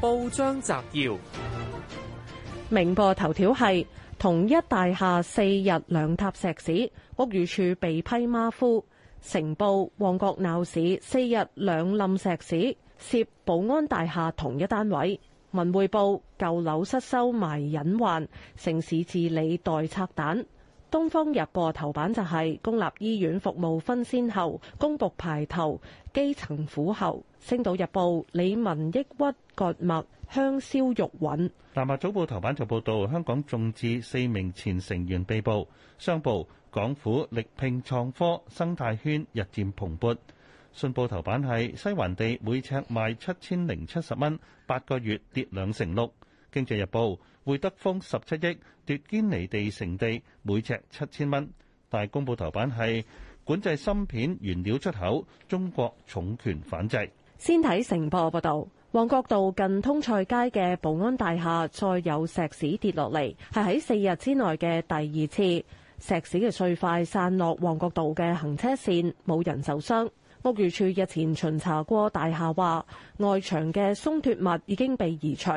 報章摘要：明報頭條係同一大廈四日兩塌石屎，屋宇署被批馬虎；成報旺角鬧市四日兩冧石屎，涉保安大廈同一單位。文匯報舊樓失修埋隱患，城市治理待拆彈。《東方日報》頭版就係公立醫院服務分先後，公僕排頭，基層苦後。《星島日報》李文抑鬱割脈，香消玉殞。《南華早報》頭版就報道香港眾志四名前成員被捕。商報港府力拼創科生態圈日漸蓬勃。《信報》頭版係西環地每尺賣七千零七十蚊，八個月跌兩成六。《經濟日報》會德豐十七億奪堅尼地城地，每尺七千蚊。大公報頭版係管制芯片原料出口，中國重拳反制。先睇成報報道，旺角道近通菜街嘅保安大廈再有石屎跌落嚟，係喺四日之內嘅第二次。石屎嘅碎塊散落旺角道嘅行車線，冇人受傷。屋宇署日前巡查過大廈，話外牆嘅鬆脱物已經被移除，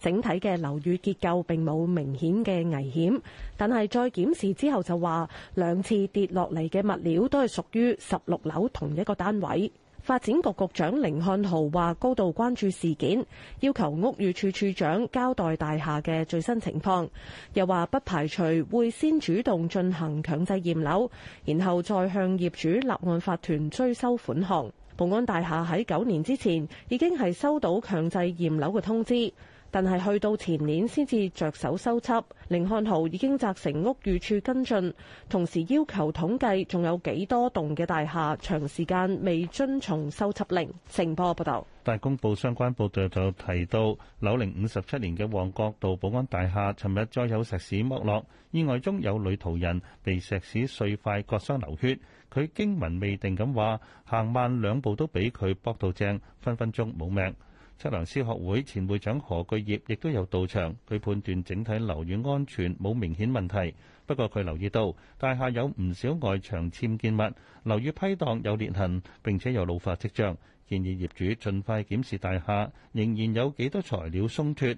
整體嘅樓宇結構並冇明顯嘅危險。但係再檢視之後就話，兩次跌落嚟嘅物料都係屬於十六樓同一個單位。發展局局長甯漢豪話：高度關注事件，要求屋宇處處長交代大廈嘅最新情況。又話不排除會先主動進行強制驗樓，然後再向業主立案法團追收款項。保安大廈喺九年之前已經係收到強制驗樓嘅通知。但係去到前年先至着手修葺。寧漢豪已經責成屋宇署跟進，同時要求統計仲有幾多棟嘅大廈長時間未遵從修葺令。成報報道，大公報相關報道就提到，樓齡五十七年嘅旺角道保安大廈，尋日再有石屎剝落，意外中有女途人被石屎碎塊割傷流血，佢驚魂未定咁話，行慢兩步都俾佢搏到正，分分鐘冇命。測量師學會前會長何巨業亦都有到場，佢判斷整體樓宇安全冇明顯問題，不過佢留意到大廈有唔少外牆僭建物，樓宇批盪有裂痕，並且有老化跡象，建議業主盡快檢視大廈，仍然有幾多材料鬆脫。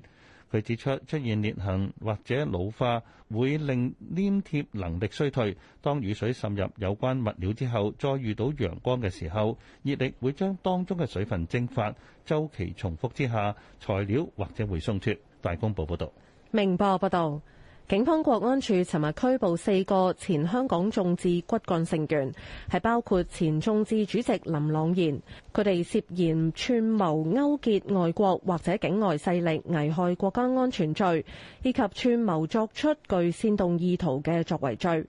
佢指出，出現裂痕或者老化會令黏貼能力衰退。當雨水滲入有關物料之後，再遇到陽光嘅時候，熱力會將當中嘅水分蒸發，週期重複之下，材料或者會鬆脫。大公報報道。明報報道。警方國安處尋日拘捕四個前香港眾志骨幹成員，係包括前眾志主席林朗彥，佢哋涉嫌串謀勾結外國或者境外勢力危害國家安全罪，以及串謀作出具煽動意圖嘅作為罪。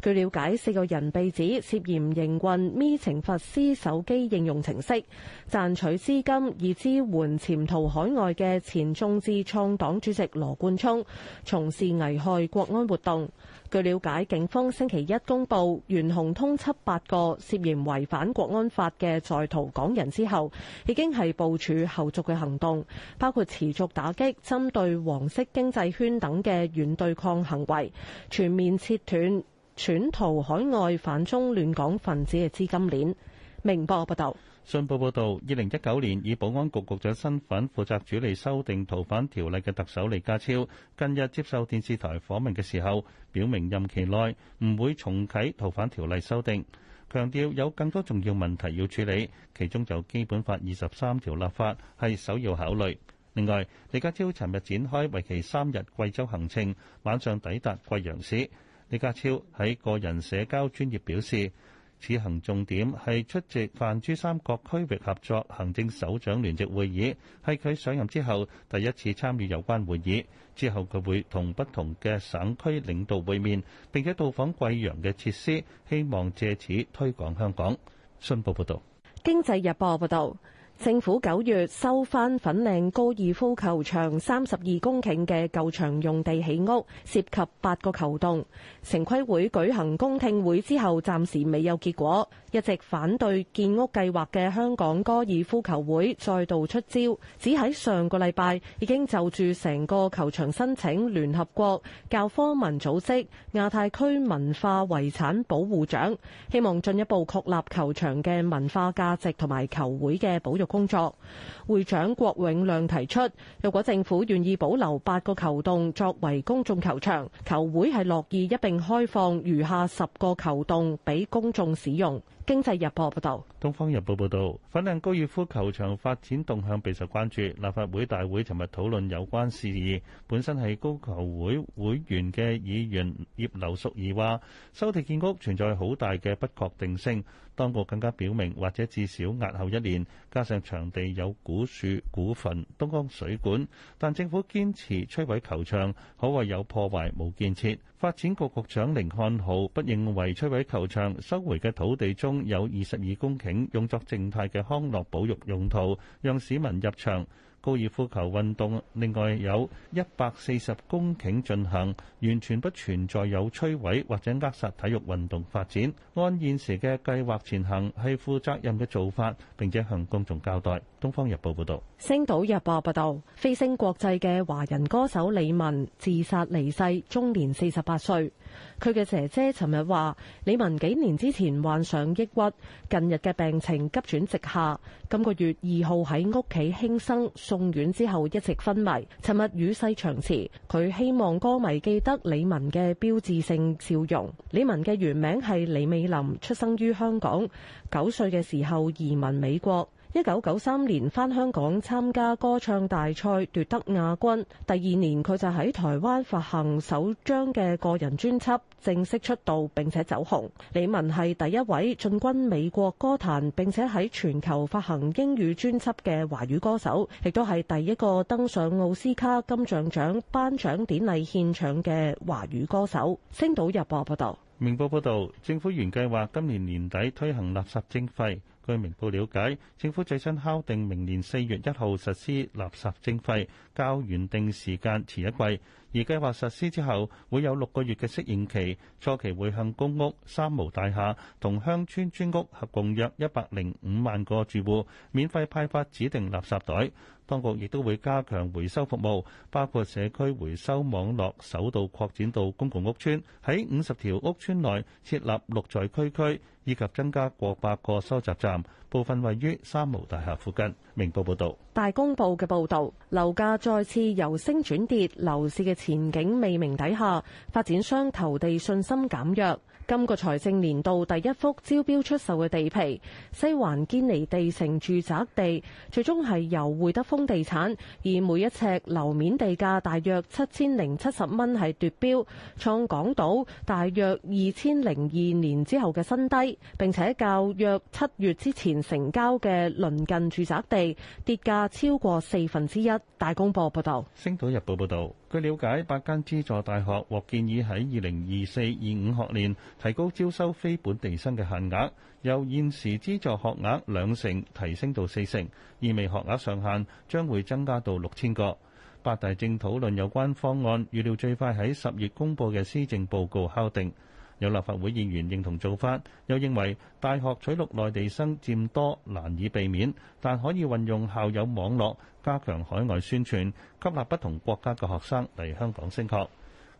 據了解，四個人被指涉嫌營運咪懲罰司手機應用程式賺取資金，以支援潛逃海外嘅前眾志創黨主席羅冠聰，從事危害國安活動。據了解，警方星期一公布懸紅通緝八個涉嫌違反國安法嘅在逃港人之後，已經係部署後續嘅行動，包括持續打擊針對黃色經濟圈等嘅軟對抗行為，全面切斷斷屠海外反中亂港分子嘅資金鏈。明報報導，信報報導，二零一九年以保安局局長身份負責主理修訂逃犯條例嘅特首李家超，近日接受電視台訪問嘅時候，表明任期內唔會重啟逃犯條例修訂，強調有更多重要問題要處理，其中就基本法二十三條立法係首要考慮。另外，李家超尋日展開為期三日貴州行程，晚上抵達貴陽市。李家超喺個人社交專頁表示，此行重點係出席泛珠三角區域合作行政首長聯席會議，係佢上任之後第一次參與有關會議。之後佢會同不同嘅省區領導會面，並且到訪貴陽嘅設施，希望藉此推廣香港。信報報道。《經濟日報》報道。政府九月收返粉嶺高爾夫球場三十二公頃嘅舊場用地起屋，涉及八個球洞。城規會舉行公聽會之後，暫時未有結果。一直反對建屋計劃嘅香港高爾夫球會再度出招，只喺上個禮拜已經就住成個球場申請聯合國教科文組織亞太區文化遺產保護獎，希望進一步確立球場嘅文化價值同埋球會嘅保育工作，會長郭永亮提出，若果政府願意保留八個球洞作為公眾球場，球會係樂意一併開放餘下十個球洞俾公眾使用。經濟日報報道，東方日報報道，粉嶺高爾夫球場發展動向備受關注。立法會大會尋日討論有關事宜。本身係高球會會員嘅議員葉劉淑儀話，收地建屋存在好大嘅不確定性。當局更加表明，或者至少押後一年。加上場地有古樹古墳、東江水管，但政府堅持摧毀球場，可謂有破壞冇建設。發展局局長甯漢豪不認為摧毀球場收回嘅土地中有二十二公頃用作靜態嘅康樂保育用途，讓市民入場。高爾夫球運動，另外有一百四十公頃進行，完全不存在有摧毀或者扼殺體育運動發展。按現時嘅計劃前行係負責任嘅做法，並且向公眾交代。東方日報報道，星島日報報道，飛星國際嘅華人歌手李文自殺離世，終年四十八歲。佢嘅姐姐尋日話：李文幾年之前患上抑鬱，近日嘅病情急轉直下，今個月二號喺屋企輕生。送院之後一直昏迷，尋日與世長辭。佢希望歌迷記得李玟嘅標誌性笑容。李玟嘅原名係李美琳，出生於香港，九歲嘅時候移民美國。一九九三年返香港參加歌唱大賽，奪得亞軍。第二年佢就喺台灣發行首張嘅個人專輯，正式出道並且走紅。李玟係第一位進軍美國歌壇並且喺全球發行英語專輯嘅華語歌手，亦都係第一個登上奧斯卡金像獎頒，頒獎典禮獻唱嘅華語歌手。星島日報報道。明報報道，政府原計劃今年年底推行垃圾徵費。據明報了解，政府最新敲定明年四月一號實施垃圾徵費，較原定時間遲一季。而計劃實施之後，會有六個月嘅適應期，初期會向公屋、三無大廈同鄉村村屋合共約一百零五萬個住戶免費派發指定垃圾袋。當局亦都會加強回收服務，包括社區回收網絡首度擴展到公共屋邨，喺五十條屋邨內設立綠在區區，以及增加過百個收集站，部分位於三無大廈附近。明報報道。大公報嘅報導，樓價再次由升轉跌，樓市嘅前景未明底下，發展商投地信心減弱。今個財政年度第一幅招標出售嘅地皮，西環堅尼地城住宅地，最終係由匯德豐地產，而每一尺樓面地價大約七千零七十蚊係奪標，創港島大約二千零二年之後嘅新低。並且較約七月之前成交嘅鄰近住宅地跌價超過四分之一。大公報報道。《星島日報》報道。據了解，八間資助大學獲建議喺二零二四、二五學年提高招收非本地生嘅限額，由現時資助學額兩成提升到四成，意味學額上限將會增加到六千個。八大正討論有關方案，預料最快喺十月公佈嘅施政報告敲定。有立法會議員認同做法，又認為大學取錄內地生占多難以避免，但可以運用校友網絡，加強海外宣傳，吸納不同國家的學生來香港升學。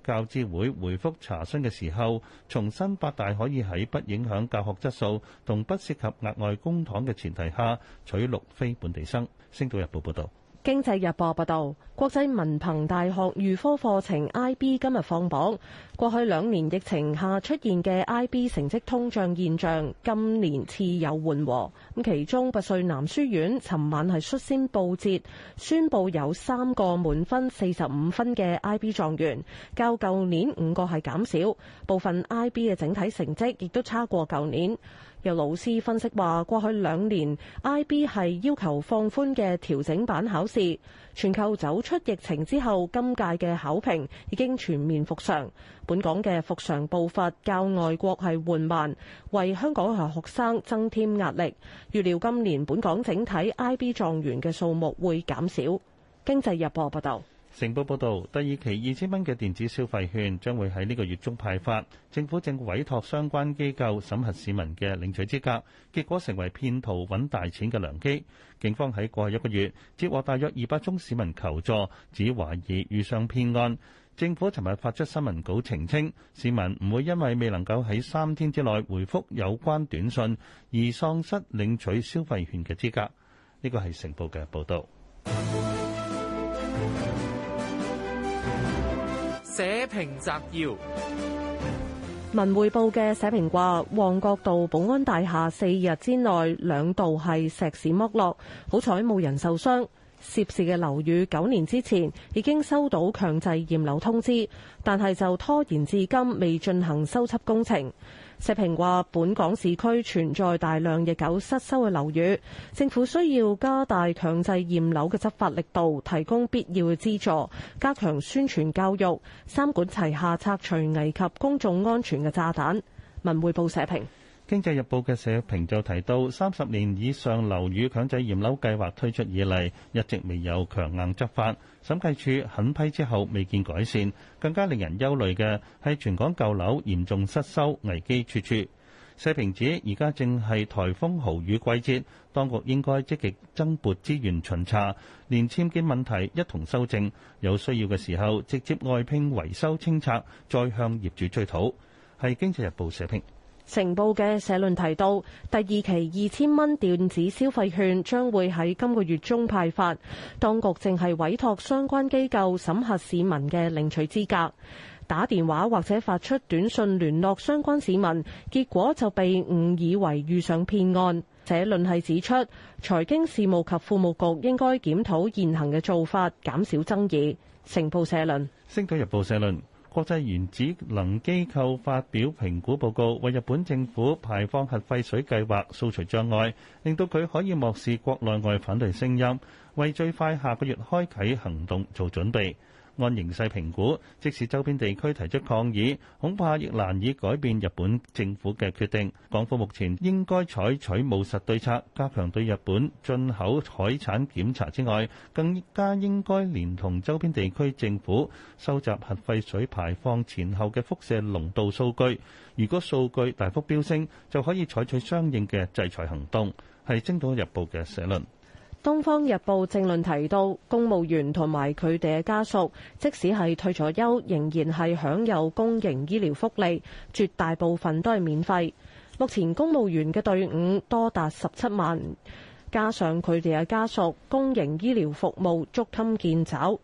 教資會回覆查詢的時候，重申八大可以在不影響教學質素和不涉及額外公帑的前提下取錄非本地生。星島日報報道。經濟日報報道，國際文憑大學預科課程 IB 今日放榜，過去兩年疫情下出現嘅 IB 成績通脹現象，今年似有緩和。其中，拔萃南書院尋晚係率先報捷，宣布有三個滿分四十五分嘅 IB 狀元，較舊年五個係減少。部分 IB 嘅整體成績亦都差過舊年。有老師分析話，過去兩年 IB 係要求放寬嘅調整版考試，全球走出疫情之後，今屆嘅考評已經全面復常。本港嘅復常步伐較外國係緩慢，為香港學生增添壓力。預料今年本港整體 IB 狀元嘅數目會減少。經濟日報報道，成報報道，第二期二千蚊嘅電子消費券將會喺呢個月中派發，政府正委託相關機構審核市民嘅領取資格，結果成為騙徒揾大錢嘅良機，警方喺過去一個月接獲大約二百宗市民求助，指懷疑遇上騙案。政府尋日發出新聞稿澄清，市民唔會因為未能夠喺三天之內回覆有關短信而喪失領取消費券嘅資格。呢個係成報嘅報導。社評摘要：文匯報嘅社評話，旺角道保安大廈四日之內兩度係石屎剝落，好彩冇人受傷。涉事嘅樓宇九年之前已經收到強制驗樓通知，但係就拖延至今未進行修葺工程。社評話：本港市區存在大量日久失修嘅樓宇，政府需要加大強制驗樓嘅執法力度，提供必要嘅資助，加強宣傳教育，三管齊下拆除危及公眾安全嘅炸彈。文匯報社評。經濟日報嘅社評就提到，三十年以上樓宇強制驗樓計劃推出以嚟，一直未有強硬執法。審計處狠批之後，未見改善，更加令人憂慮嘅係全港舊樓嚴重失修，危機處處。社評指，而家正係颱風豪雨季節，當局應該積極增撥資源巡查，連僭建問題一同修正。有需要嘅時候，直接外聘維修清拆，再向業主追討。係經濟日報社評。成報嘅社論提到，第二期二千蚊電子消費券將會喺今個月中派發，當局正係委託相關機構審核市民嘅領取資格，打電話或者發出短信聯絡相關市民，結果就被誤以為遇上騙案。社論係指出，財經事務及庫務局應該檢討現行嘅做法，減少爭議。成報社論，星島日報社論。國際原子能機構發表評估報告，為日本政府排放核廢水計劃掃除障礙，令到佢可以漠視國內外反對聲音，為最快下個月開啟行動做準備。按形勢評估，即使周邊地區提出抗議，恐怕亦難以改變日本政府嘅決定。港府目前應該採取務實對策，加強對日本進口海產檢查之外，更加應該連同周邊地區政府收集核廢水排放前後嘅輻射濃度數據。如果數據大幅飆升，就可以採取相應嘅制裁行動。係《星島日報》嘅社論。《東方日報》正論提到，公務員同埋佢哋嘅家屬，即使係退咗休，仍然係享有公營醫療福利，絕大部分都係免費。目前公務員嘅隊伍多達十七萬，加上佢哋嘅家屬，公營醫療服務捉襟見肘。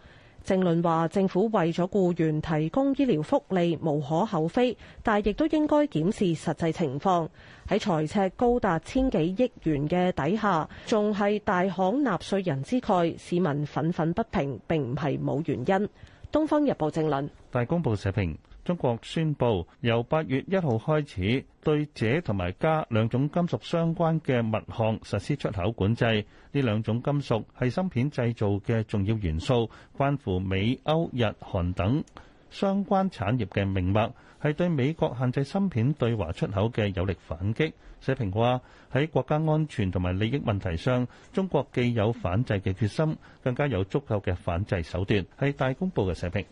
政論話，政府為咗雇員提供醫療福利無可厚非，但亦都應該檢視實際情況。喺財赤高達千幾億元嘅底下，仲係大行納稅人之慨，市民憤憤不平並唔係冇原因。《東方日報》政論。大公報社評。中國宣布由八月一號開始對鍺同埋鎵兩種金屬相關嘅物項實施出口管制。呢兩種金屬係芯片製造嘅重要元素，關乎美、歐、日、韓等相關產業嘅命脈，係對美國限制芯片對華出口嘅有力反擊。社評話喺國家安全同埋利益問題上，中國既有反制嘅決心，更加有足夠嘅反制手段，係大公報嘅社評。